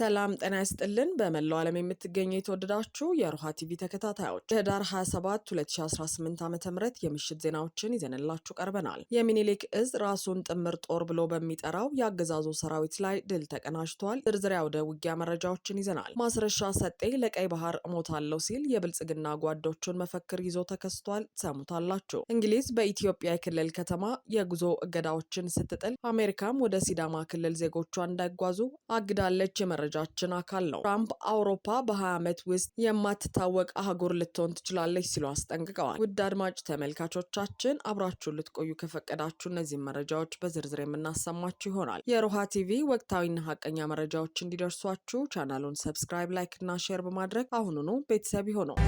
ሰላም ጤና ይስጥልን። በመላው ዓለም የምትገኙ የተወደዳችሁ የሮሃ ቲቪ ተከታታዮች የህዳር 27 2018 ዓ ም የምሽት ዜናዎችን ይዘንላችሁ ቀርበናል። የሚኒሊክ እዝ ራሱን ጥምር ጦር ብሎ በሚጠራው የአገዛዙ ሰራዊት ላይ ድል ተቀናጅቷል። ዝርዝር ወደ ውጊያ መረጃዎችን ይዘናል። ማስረሻ ሰጤ ለቀይ ባህር እሞታለሁ ሲል የብልጽግና ጓዶቹን መፈክር ይዞ ተከስቷል። ሰሙታላችሁ። እንግሊዝ በኢትዮጵያ የክልል ከተማ የጉዞ እገዳዎችን ስትጥል፣ አሜሪካም ወደ ሲዳማ ክልል ዜጎቿ እንዳይጓዙ አግዳለች። የመረ የመረጃችን አካል ነው። ትራምፕ አውሮፓ በ20 ዓመት ውስጥ የማትታወቅ አህጉር ልትሆን ትችላለች ሲሉ አስጠንቅቀዋል። ውድ አድማጭ ተመልካቾቻችን አብራችሁን ልትቆዩ ከፈቀዳችሁ እነዚህን መረጃዎች በዝርዝር የምናሰማችሁ ይሆናል። የሮሃ ቲቪ ወቅታዊና ሀቀኛ መረጃዎች እንዲደርሷችሁ ቻናሉን ሰብስክራይብ፣ ላይክ እና ሼር በማድረግ አሁኑኑ ቤተሰብ ይሆነው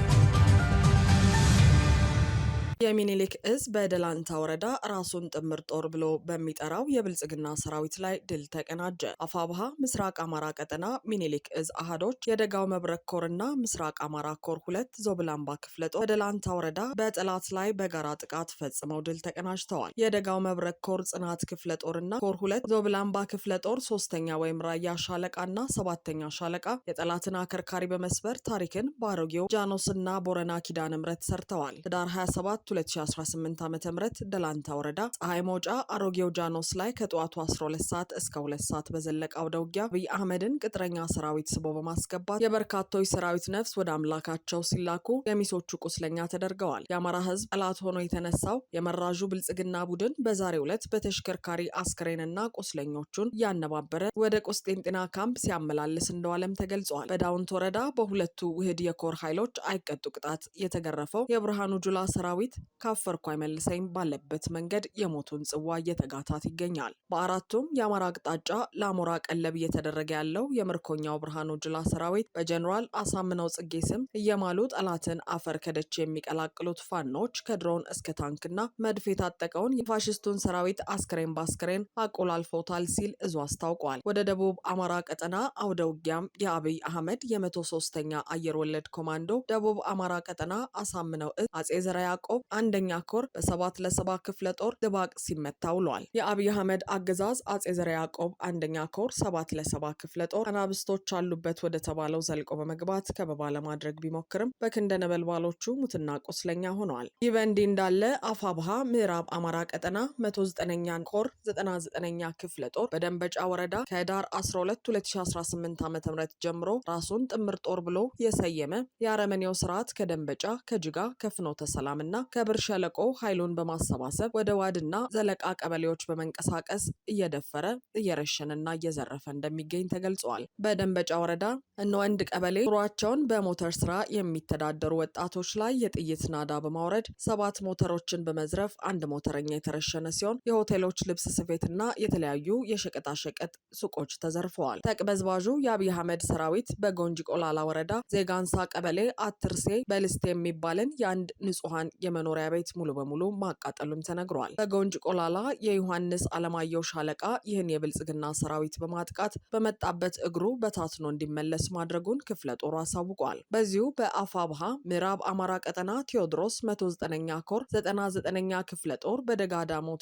የሚኒሊክ እዝ በደላንታ ወረዳ ራሱን ጥምር ጦር ብሎ በሚጠራው የብልጽግና ሰራዊት ላይ ድል ተቀናጀ። አፋብሃ ምስራቅ አማራ ቀጠና ሚኒሊክ እዝ አህዶች የደጋው መብረቅ ኮር እና ምስራቅ አማራ ኮር ሁለት ዞብላምባ ክፍለ ጦር በደላንታ ወረዳ በጠላት ላይ በጋራ ጥቃት ፈጽመው ድል ተቀናጅተዋል። የደጋው መብረቅ ኮር ጽናት ክፍለ ጦር እና ኮር ሁለት ዞብላምባ ክፍለ ጦር ሶስተኛ ወይም ራያ ሻለቃ እና ሰባተኛ ሻለቃ የጠላትን አከርካሪ በመስበር ታሪክን በአሮጌው ጃኖስ እና ቦረና ኪዳን ምረት ሰርተዋል። ህዳር 27 2018 ዓ ም ደላንታ ወረዳ ፀሐይ መውጫ አሮጌው ጃኖስ ላይ ከጠዋቱ 12 ሰዓት እስከ 2 ሰዓት በዘለቀ አውደ ውጊያ አብይ አህመድን ቅጥረኛ ሰራዊት ስቦ በማስገባት የበርካቶች ሰራዊት ነፍስ ወደ አምላካቸው ሲላኩ ገሚሶቹ ቁስለኛ ተደርገዋል። የአማራ ህዝብ ጠላት ሆኖ የተነሳው የመራዡ ብልጽግና ቡድን በዛሬው ዕለት በተሽከርካሪ አስክሬንና ቁስለኞቹን እያነባበረ ወደ ቁስጤንጤና ካምፕ ሲያመላልስ እንደዋለም ተገልጿል። በዳውንት ወረዳ በሁለቱ ውህድ የኮር ኃይሎች አይቀጡ ቅጣት የተገረፈው የብርሃኑ ጁላ ሰራዊት ካፈርኩ አይመልሰኝ ባለበት መንገድ የሞቱን ጽዋ እየተጋታት ይገኛል። በአራቱም የአማራ አቅጣጫ ለአሞራ ቀለብ እየተደረገ ያለው የምርኮኛው ብርሃኑ ጅላ ሰራዊት በጀኔራል አሳምነው ጽጌ ስም እየማሉ ጠላትን አፈር ከደች የሚቀላቅሉት ፋኖች ከድሮን እስከ ታንክና መድፍ የታጠቀውን የፋሽስቱን ሰራዊት አስክሬን በአስክሬን አቆላልፎታል ሲል እዙ አስታውቋል። ወደ ደቡብ አማራ ቀጠና አውደ ውጊያም የአብይ አህመድ የመቶ ሶስተኛ አየር ወለድ ኮማንዶ ደቡብ አማራ ቀጠና አሳምነው እ አጼ ዘራ ያዕቆብ አንደኛ ኮር በሰባት ለሰባ ክፍለ ጦር ድባቅ ሲመታ ውሏል። የአብይ አህመድ አገዛዝ አጼ ዘረ ያዕቆብ አንደኛ ኮር ሰባት ለሰባ ክፍለ ጦር አናብስቶች አሉበት ወደ ተባለው ዘልቆ በመግባት ከበባ ለማድረግ ቢሞክርም በክንደ ነበልባሎቹ ሙትና ቆስለኛ ሆኗል። ይህ በእንዲህ እንዳለ አፋብሃ ምዕራብ አማራ ቀጠና 109ኛ ኮር 99ኛ ክፍለ ጦር በደንበጫ ወረዳ ከህዳር 12 2018 ዓ ም ጀምሮ ራሱን ጥምር ጦር ብሎ የሰየመ የአረመኔው ስርዓት ከደንበጫ ከጅጋ ከፍኖተ ሰላምና ከብር ሸለቆ ኃይሉን በማሰባሰብ ወደ ዋድና ዘለቃ ቀበሌዎች በመንቀሳቀስ እየደፈረ እየረሸንና እየዘረፈ እንደሚገኝ ተገልጸዋል። በደንበጫ ወረዳ እነ ወንድ ቀበሌ ኑሯቸውን በሞተር ስራ የሚተዳደሩ ወጣቶች ላይ የጥይት ናዳ በማውረድ ሰባት ሞተሮችን በመዝረፍ አንድ ሞተረኛ የተረሸነ ሲሆን የሆቴሎች ልብስ ስፌትና የተለያዩ የሸቀጣሸቀጥ ሱቆች ተዘርፈዋል። ተቅበዝባዡ የአብይ አህመድ ሰራዊት በጎንጂ ቆላላ ወረዳ ዜጋንሳ ቀበሌ አትርሴ በልስቴ የሚባልን የአንድ ንጹሐን የመ መኖሪያ ቤት ሙሉ በሙሉ ማቃጠሉም ተነግሯል። በጎንጅ ቆላላ የዮሐንስ አለማየሁ ሻለቃ ይህን የብልጽግና ሰራዊት በማጥቃት በመጣበት እግሩ በታትኖ እንዲመለስ ማድረጉን ክፍለ ጦሩ አሳውቋል። በዚሁ በአፋብሃ ምዕራብ አማራ ቀጠና ቴዎድሮስ 109ኛ ኮር 99ኛ ክፍለ ጦር በደጋ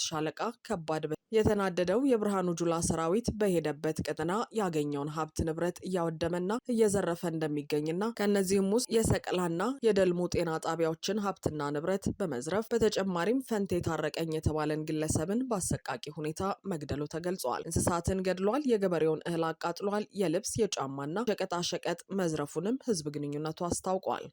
ሻለቃ ከባድ የተናደደው የብርሃኑ ጁላ ሰራዊት በሄደበት ቀጠና ያገኘውን ሀብት ንብረት እያወደመና እየዘረፈ እንደሚገኝና ከእነዚህም ውስጥ የሰቅላና የደልሙ ጤና ጣቢያዎችን ሀብትና ንብረት በመዝረፍ በተጨማሪም ፈንቴ ታረቀኝ የተባለን ግለሰብን በአሰቃቂ ሁኔታ መግደሉ ተገልጿል። እንስሳትን ገድሏል፣ የገበሬውን እህል አቃጥሏል፣ የልብስ የጫማና ሸቀጣሸቀጥ መዝረፉንም ህዝብ ግንኙነቱ አስታውቋል።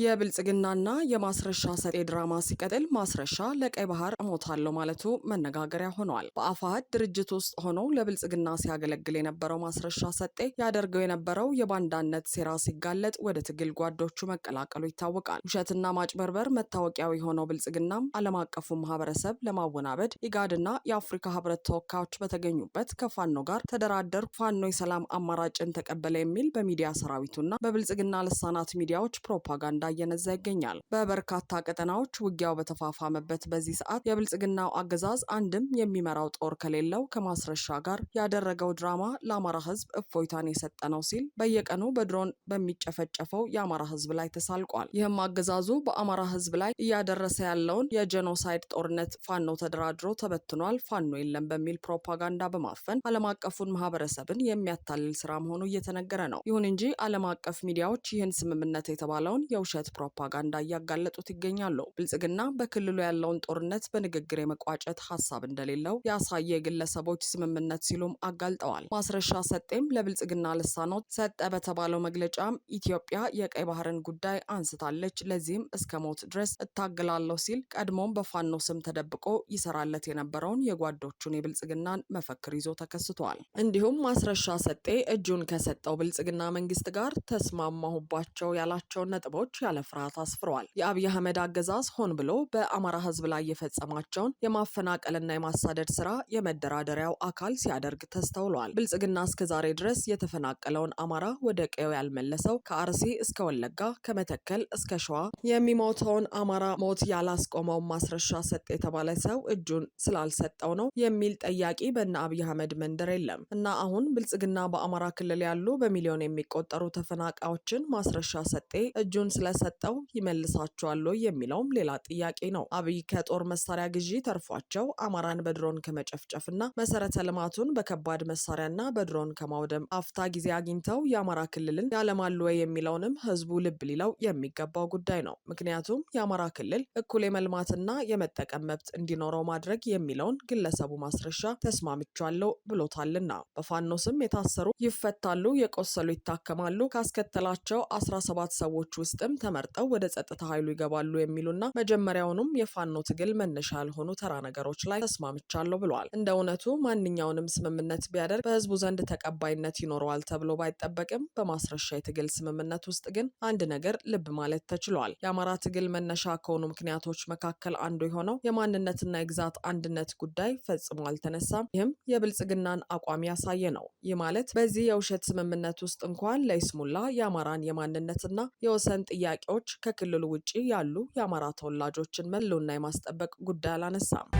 የብልጽግናና የማስረሻ ሰጤ ድራማ ሲቀጥል ማስረሻ ለቀይ ባህር እሞታለሁ ማለቱ መነጋገሪያ ሆኗል። በአፋሕድ ድርጅት ውስጥ ሆኖ ለብልጽግና ሲያገለግል የነበረው ማስረሻ ሰጤ ያደርገው የነበረው የባንዳነት ሴራ ሲጋለጥ ወደ ትግል ጓዶቹ መቀላቀሉ ይታወቃል። ውሸትና ማጭበርበር መታወቂያው የሆነው ብልጽግናም ዓለም አቀፉ ማህበረሰብ ለማወናበድ ኢጋድና የአፍሪካ ህብረት ተወካዮች በተገኙበት ከፋኖ ጋር ተደራደር ፋኖ የሰላም አማራጭን ተቀበለ የሚል በሚዲያ ሰራዊቱና በብልጽግና ልሳናት ሚዲያዎች ፕሮፓጋንዳ እንዳየነዛ ይገኛል። በበርካታ ቀጠናዎች ውጊያው በተፋፋመበት በዚህ ሰዓት የብልጽግናው አገዛዝ አንድም የሚመራው ጦር ከሌለው ከማስረሻ ጋር ያደረገው ድራማ ለአማራ ህዝብ እፎይታን የሰጠ ነው ሲል በየቀኑ በድሮን በሚጨፈጨፈው የአማራ ህዝብ ላይ ተሳልቋል። ይህም አገዛዙ በአማራ ህዝብ ላይ እያደረሰ ያለውን የጄኖሳይድ ጦርነት ፋኖ ተደራድሮ ተበትኗል፣ ፋኖ የለም በሚል ፕሮፓጋንዳ በማፈን ዓለም አቀፉን ማህበረሰብን የሚያታልል ስራ መሆኑ እየተነገረ ነው። ይሁን እንጂ ዓለም አቀፍ ሚዲያዎች ይህን ስምምነት የተባለውን የውሸ የውሸት ፕሮፓጋንዳ እያጋለጡት ይገኛሉ። ብልጽግና በክልሉ ያለውን ጦርነት በንግግር የመቋጨት ሀሳብ እንደሌለው ያሳየ የግለሰቦች ስምምነት ሲሉም አጋልጠዋል። ማስረሻ ሰጤም ለብልጽግና ልሳኖት ሰጠ በተባለው መግለጫም ኢትዮጵያ የቀይ ባህርን ጉዳይ አንስታለች፣ ለዚህም እስከ ሞት ድረስ እታግላለሁ ሲል ቀድሞም በፋኖ ስም ተደብቆ ይሰራለት የነበረውን የጓዶቹን የብልጽግናን መፈክር ይዞ ተከስቷል። እንዲሁም ማስረሻ ሰጤ እጁን ከሰጠው ብልጽግና መንግስት ጋር ተስማማሁባቸው ያላቸውን ነጥቦች ያለ ፍርሃት አስፍሯል። የአብይ አህመድ አገዛዝ ሆን ብሎ በአማራ ህዝብ ላይ የፈጸማቸውን የማፈናቀልና የማሳደድ ስራ የመደራደሪያው አካል ሲያደርግ ተስተውሏል። ብልጽግና እስከ ዛሬ ድረስ የተፈናቀለውን አማራ ወደ ቀዬው ያልመለሰው ከአርሲ እስከ ወለጋ ከመተከል እስከ ሸዋ የሚሞተውን አማራ ሞት ያላስቆመውን ማስረሻ ሰጥ የተባለ ሰው እጁን ስላልሰጠው ነው የሚል ጠያቂ በእነ አብይ አህመድ መንደር የለም እና አሁን ብልጽግና በአማራ ክልል ያሉ በሚሊዮን የሚቆጠሩ ተፈናቃዮችን ማስረሻ ሰጤ እጁን ስለ ስለሰጠው ይመልሳቸዋል የሚለውም ሌላ ጥያቄ ነው። አብይ ከጦር መሳሪያ ግዢ ተርፏቸው አማራን በድሮን ከመጨፍጨፍና መሰረተ ልማቱን በከባድ መሳሪያና በድሮን ከማውደም አፍታ ጊዜ አግኝተው የአማራ ክልልን ያለማሉ ወይ የሚለውንም ህዝቡ ልብ ሊለው የሚገባው ጉዳይ ነው። ምክንያቱም የአማራ ክልል እኩል የመልማትና የመጠቀም መብት እንዲኖረው ማድረግ የሚለውን ግለሰቡ ማስረሻ ተስማምቻለሁ ብሎታልና በፋኖ ስም የታሰሩ ይፈታሉ፣ የቆሰሉ ይታከማሉ ካስከተላቸው 17 ሰዎች ውስጥም ተመርጠው ወደ ጸጥታ ኃይሉ ይገባሉ የሚሉና መጀመሪያውኑም የፋኖ ትግል መነሻ ያልሆኑ ተራ ነገሮች ላይ ተስማምቻለሁ ብለዋል። እንደ እውነቱ ማንኛውንም ስምምነት ቢያደርግ በህዝቡ ዘንድ ተቀባይነት ይኖረዋል ተብሎ ባይጠበቅም በማስረሻ የትግል ስምምነት ውስጥ ግን አንድ ነገር ልብ ማለት ተችሏል። የአማራ ትግል መነሻ ከሆኑ ምክንያቶች መካከል አንዱ የሆነው የማንነትና የግዛት አንድነት ጉዳይ ፈጽሞ አልተነሳም። ይህም የብልጽግናን አቋም ያሳየ ነው። ይህ ማለት በዚህ የውሸት ስምምነት ውስጥ እንኳን ለይስሙላ የአማራን የማንነትና የወሰን ጥያቄ ጥያቄዎች ከክልሉ ውጭ ያሉ የአማራ ተወላጆችን ህልውና የማስጠበቅ ጉዳይ አላነሳም።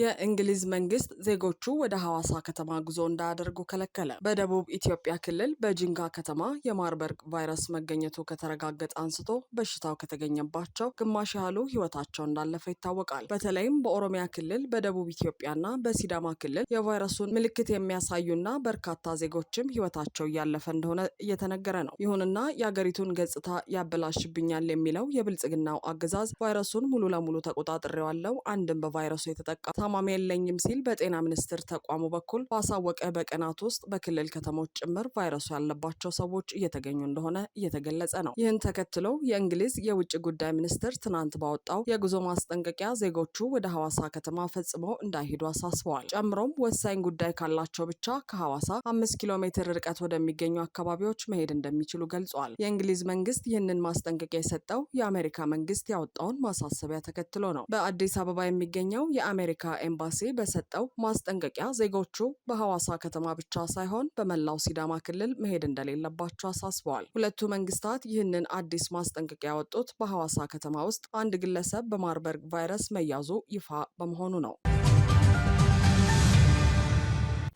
የእንግሊዝ መንግስት ዜጎቹ ወደ ሐዋሳ ከተማ ጉዞ እንዳያደርጉ ከለከለ። በደቡብ ኢትዮጵያ ክልል በጂንጋ ከተማ የማርበርግ ቫይረስ መገኘቱ ከተረጋገጠ አንስቶ በሽታው ከተገኘባቸው ግማሽ ያህሉ ህይወታቸው እንዳለፈ ይታወቃል። በተለይም በኦሮሚያ ክልል፣ በደቡብ ኢትዮጵያና በሲዳማ ክልል የቫይረሱን ምልክት የሚያሳዩና በርካታ ዜጎችም ህይወታቸው እያለፈ እንደሆነ እየተነገረ ነው። ይሁንና የአገሪቱን ገጽታ ያበላሽብኛል የሚለው የብልጽግናው አገዛዝ ቫይረሱን ሙሉ ለሙሉ ተቆጣጥሬዋለሁ፣ አንድም በቫይረሱ የተጠቃ ታማሚ የለኝም ሲል በጤና ሚኒስቴር ተቋሙ በኩል ባሳወቀ በቀናት ውስጥ በክልል ከተሞች ጭምር ቫይረሱ ያለባቸው ሰዎች እየተገኙ እንደሆነ እየተገለጸ ነው። ይህን ተከትሎ የእንግሊዝ የውጭ ጉዳይ ሚኒስትር ትናንት ባወጣው የጉዞ ማስጠንቀቂያ ዜጎቹ ወደ ሐዋሳ ከተማ ፈጽመው እንዳይሄዱ አሳስበዋል። ጨምሮም ወሳኝ ጉዳይ ካላቸው ብቻ ከሐዋሳ አምስት ኪሎ ሜትር ርቀት ወደሚገኙ አካባቢዎች መሄድ እንደሚችሉ ገልጿል። የእንግሊዝ መንግስት ይህንን ማስጠንቀቂያ የሰጠው የአሜሪካ መንግስት ያወጣውን ማሳሰቢያ ተከትሎ ነው። በአዲስ አበባ የሚገኘው የአሜሪካ ኤምባሲ በሰጠው ማስጠንቀቂያ ዜጎቹ በሐዋሳ ከተማ ብቻ ሳይሆን በመላው ሲዳማ ክልል መሄድ እንደሌለባቸው አሳስበዋል። ሁለቱ መንግስታት ይህንን አዲስ ማስጠንቀቂያ ያወጡት በሐዋሳ ከተማ ውስጥ አንድ ግለሰብ በማርበርግ ቫይረስ መያዙ ይፋ በመሆኑ ነው።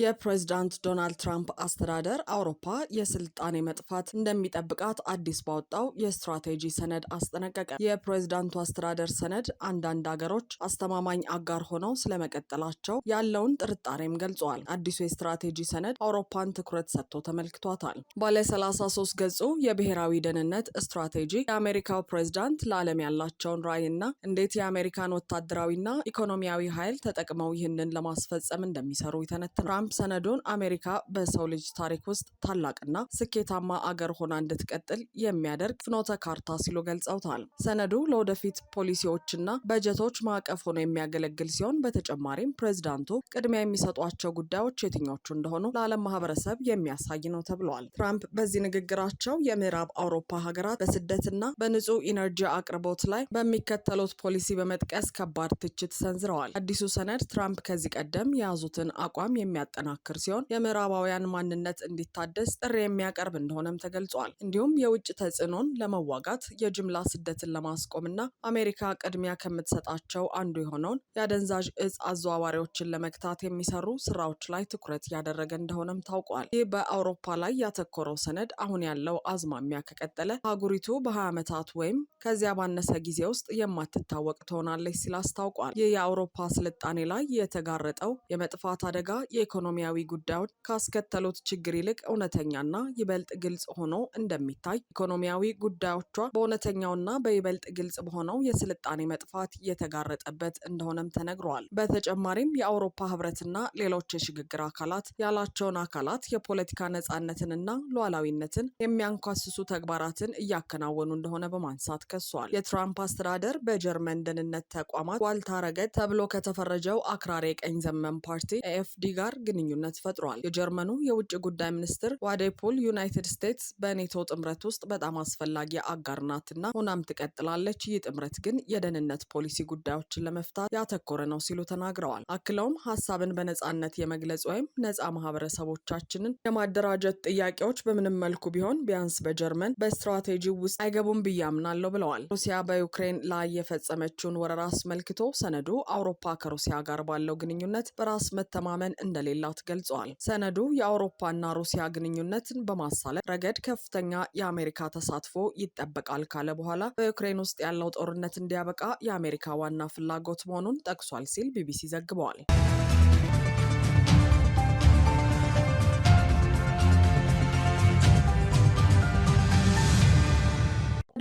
የፕሬዝዳንት ዶናልድ ትራምፕ አስተዳደር አውሮፓ የስልጣኔ መጥፋት እንደሚጠብቃት አዲስ ባወጣው የስትራቴጂ ሰነድ አስጠነቀቀ። የፕሬዝዳንቱ አስተዳደር ሰነድ አንዳንድ አገሮች አስተማማኝ አጋር ሆነው ስለመቀጠላቸው ያለውን ጥርጣሬም ገልጿል። አዲሱ የስትራቴጂ ሰነድ አውሮፓን ትኩረት ሰጥቶ ተመልክቷታል። ባለ 33 ገጹ የብሔራዊ ደህንነት ስትራቴጂ የአሜሪካው ፕሬዝዳንት ለዓለም ያላቸውን ራዕይና እንዴት የአሜሪካን ወታደራዊና ኢኮኖሚያዊ ኃይል ተጠቅመው ይህንን ለማስፈጸም እንደሚሰሩ ይተነትናል። የትራምፕ ሰነዱን አሜሪካ በሰው ልጅ ታሪክ ውስጥ ታላቅና ስኬታማ አገር ሆና እንድትቀጥል የሚያደርግ ፍኖተ ካርታ ሲሉ ገልጸውታል። ሰነዱ ለወደፊት ፖሊሲዎችና በጀቶች ማዕቀፍ ሆኖ የሚያገለግል ሲሆን በተጨማሪም ፕሬዚዳንቱ ቅድሚያ የሚሰጧቸው ጉዳዮች የትኞቹ እንደሆኑ ለዓለም ማህበረሰብ የሚያሳይ ነው ተብሏል። ትራምፕ በዚህ ንግግራቸው የምዕራብ አውሮፓ ሀገራት በስደትና በንጹህ ኢነርጂ አቅርቦት ላይ በሚከተሉት ፖሊሲ በመጥቀስ ከባድ ትችት ሰንዝረዋል። አዲሱ ሰነድ ትራምፕ ከዚህ ቀደም የያዙትን አቋም የሚያጠ የሚያጠናክር ሲሆን የምዕራባውያን ማንነት እንዲታደስ ጥሪ የሚያቀርብ እንደሆነም ተገልጿል። እንዲሁም የውጭ ተጽዕኖን ለመዋጋት የጅምላ ስደትን ለማስቆምና አሜሪካ ቅድሚያ ከምትሰጣቸው አንዱ የሆነውን የአደንዛዥ እጽ አዘዋዋሪዎችን ለመግታት የሚሰሩ ስራዎች ላይ ትኩረት እያደረገ እንደሆነም ታውቋል። ይህ በአውሮፓ ላይ ያተኮረው ሰነድ አሁን ያለው አዝማሚያ ከቀጠለ አህጉሪቱ በ20 ዓመታት ወይም ከዚያ ባነሰ ጊዜ ውስጥ የማትታወቅ ትሆናለች ሲል አስታውቋል። ይህ የአውሮፓ ስልጣኔ ላይ የተጋረጠው የመጥፋት አደጋ የኢኮኖሚ ኢኮኖሚያዊ ጉዳዮች ካስከተሉት ችግር ይልቅ እውነተኛና ይበልጥ ግልጽ ሆኖ እንደሚታይ ኢኮኖሚያዊ ጉዳዮቿ በእውነተኛውና በይበልጥ ግልጽ በሆነው የስልጣኔ መጥፋት እየተጋረጠበት እንደሆነም ተነግረዋል። በተጨማሪም የአውሮፓ ህብረትና ሌሎች የሽግግር አካላት ያላቸውን አካላት የፖለቲካ ነጻነትንና ሉዓላዊነትን የሚያንኳስሱ ተግባራትን እያከናወኑ እንደሆነ በማንሳት ከሷል። የትራምፕ አስተዳደር በጀርመን ደህንነት ተቋማት ዋልታ ረገድ ተብሎ ከተፈረጀው አክራሪ የቀኝ ዘመን ፓርቲ ኤኤፍዲ ጋር ግንኙነት ፈጥሯል። የጀርመኑ የውጭ ጉዳይ ሚኒስትር ዋዴፖል ዩናይትድ ስቴትስ በኔቶ ጥምረት ውስጥ በጣም አስፈላጊ አጋር ናትና ሆናም ትቀጥላለች። ይህ ጥምረት ግን የደህንነት ፖሊሲ ጉዳዮችን ለመፍታት ያተኮረ ነው ሲሉ ተናግረዋል። አክለውም ሀሳብን በነጻነት የመግለጽ ወይም ነጻ ማህበረሰቦቻችንን የማደራጀት ጥያቄዎች በምንም መልኩ ቢሆን ቢያንስ በጀርመን በስትራቴጂ ውስጥ አይገቡም ብዬ አምናለሁ ብለዋል። ሩሲያ በዩክሬን ላይ የፈጸመችውን ወረራ አስመልክቶ ሰነዱ አውሮፓ ከሩሲያ ጋር ባለው ግንኙነት በራስ መተማመን እንደሌለ እንደሌላት ገልጸዋል። ሰነዱ የአውሮፓና ሩሲያ ግንኙነትን በማሳለጥ ረገድ ከፍተኛ የአሜሪካ ተሳትፎ ይጠበቃል ካለ በኋላ በዩክሬን ውስጥ ያለው ጦርነት እንዲያበቃ የአሜሪካ ዋና ፍላጎት መሆኑን ጠቅሷል ሲል ቢቢሲ ዘግበዋል።